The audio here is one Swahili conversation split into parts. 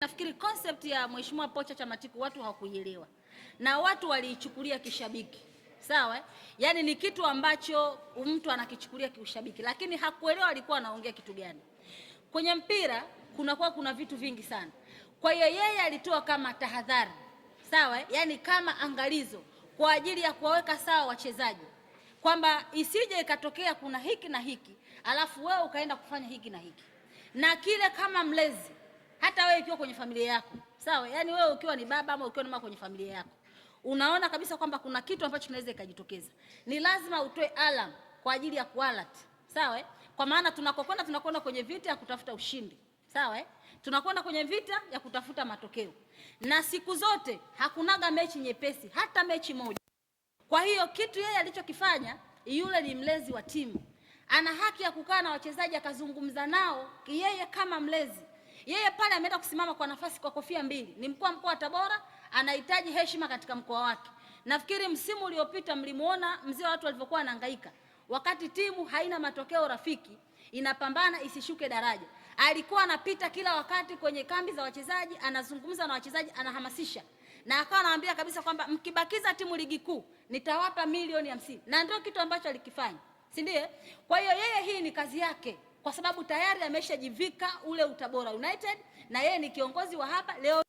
Nafikiri concept ya Mheshimiwa Pocha Chacha Matiku watu hawakuielewa na watu waliichukulia kishabiki, sawa. Eh? Yaani ni kitu ambacho mtu anakichukulia kiushabiki, lakini hakuelewa alikuwa anaongea kitu gani. Kwenye mpira kunakuwa kuna vitu vingi sana, kwa hiyo yeye alitoa kama tahadhari, sawa, eh? yaani kama angalizo kwa ajili ya kuwaweka sawa wachezaji kwamba isije ikatokea kuna hiki na hiki alafu wewe ukaenda kufanya hiki na hiki na kile, kama mlezi hata wewe ukiwa kwenye familia yako sawa, yani wewe ukiwa ni baba ama ukiwa ni mama kwenye familia yako, unaona kabisa kwamba kuna kitu ambacho kinaweza ikajitokeza, ni lazima utoe alam kwa ajili ya kualert, sawa. Eh? Kwa maana tunakokwenda tunakwenda kwenye vita ya kutafuta ushindi, sawa. Eh? Tunakwenda kwenye vita ya kutafuta matokeo, na siku zote hakunaga mechi nyepesi, hata mechi moja. Kwa hiyo kitu yeye alichokifanya, yule ni mlezi wa timu, ana haki ya kukaa na wachezaji akazungumza nao, yeye kama mlezi yeye pale ameenda kusimama kwa nafasi kwa kofia mbili, ni mkuu wa mkoa wa Tabora, anahitaji heshima katika mkoa wake. Nafikiri msimu uliopita mlimuona mzee wa watu walivyokuwa anahangaika wakati timu haina matokeo rafiki, inapambana isishuke daraja. Alikuwa anapita kila wakati kwenye kambi za wachezaji, anazungumza na wachezaji, anahamasisha na akawa anawaambia kabisa kwamba mkibakiza timu ligi kuu nitawapa milioni hamsini, na ndio kitu ambacho alikifanya, si ndiye? Kwa hiyo yeye, hii ni kazi yake kwa sababu tayari ameshajivika ule utabora united na yeye ni kiongozi wa hapa leo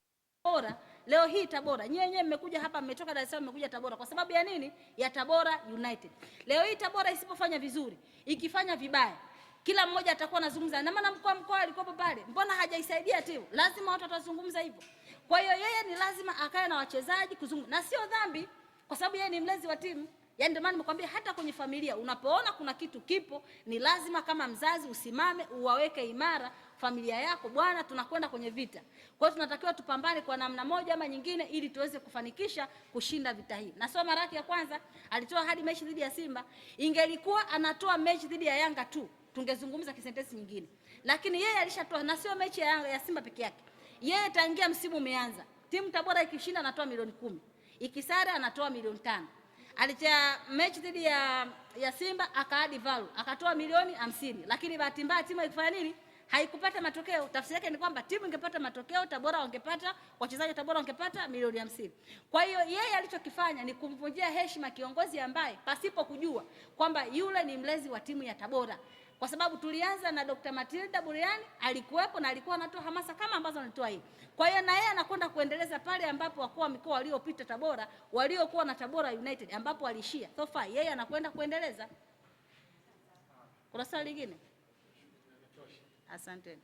bora leo hii Tabora, nyie wenyewe mmekuja hapa, mmetoka Dar es Salaam, mmekuja Tabora kwa sababu ya nini? Ya Tabora United. Leo hii Tabora isipofanya vizuri, ikifanya vibaya, kila mmoja atakuwa anazungumza na maana, mkoa mkoa alikopo pale, mbona hajaisaidia timu? Lazima watu watazungumza hivyo. Kwa hiyo yeye ni lazima akae na wachezaji kuzungumza, na sio dhambi, kwa sababu yeye ni mlezi wa timu. Yaani ndio maana nimekwambia hata kwenye familia unapoona kuna kitu kipo, ni lazima kama mzazi usimame uwaweke imara familia yako. Bwana, tunakwenda kwenye vita, kwa hiyo tunatakiwa tupambane kwa namna moja ama nyingine, ili tuweze kufanikisha kushinda vita hii. Nasoma mara yake ya kwanza alitoa hadi mechi dhidi ya Simba. Ingelikuwa anatoa mechi dhidi ya Yanga tu, tungezungumza kisentensi nyingine, lakini yeye alishatoa, na sio mechi ya Yanga ya Simba peke yake. Yeye tangia msimu umeanza, timu Tabora ikishinda anatoa milioni kumi, ikisare anatoa milioni tano alichea mechi dhidi ya ya Simba akaadi value akatoa milioni hamsini, lakini bahati mbaya timu haikufanya nini, haikupata matokeo. Tafsiri yake ni kwamba timu ingepata matokeo, Tabora wangepata wachezaji, Tabora wangepata milioni hamsini. Kwa hiyo yeye alichokifanya ni kumvunjia heshima kiongozi ambaye pasipo kujua kwamba yule ni mlezi wa timu ya Tabora kwa sababu tulianza na Dr. Matilda Buriani alikuwepo na alikuwa anatoa hamasa kama ambazo anatoa hii. Kwa hiyo na yeye anakwenda kuendeleza pale ambapo wakuu wa mikoa waliopita Tabora waliokuwa na Tabora United ambapo alishia so far, yeye anakwenda kuendeleza. Kuna swali lingine? Asanteni.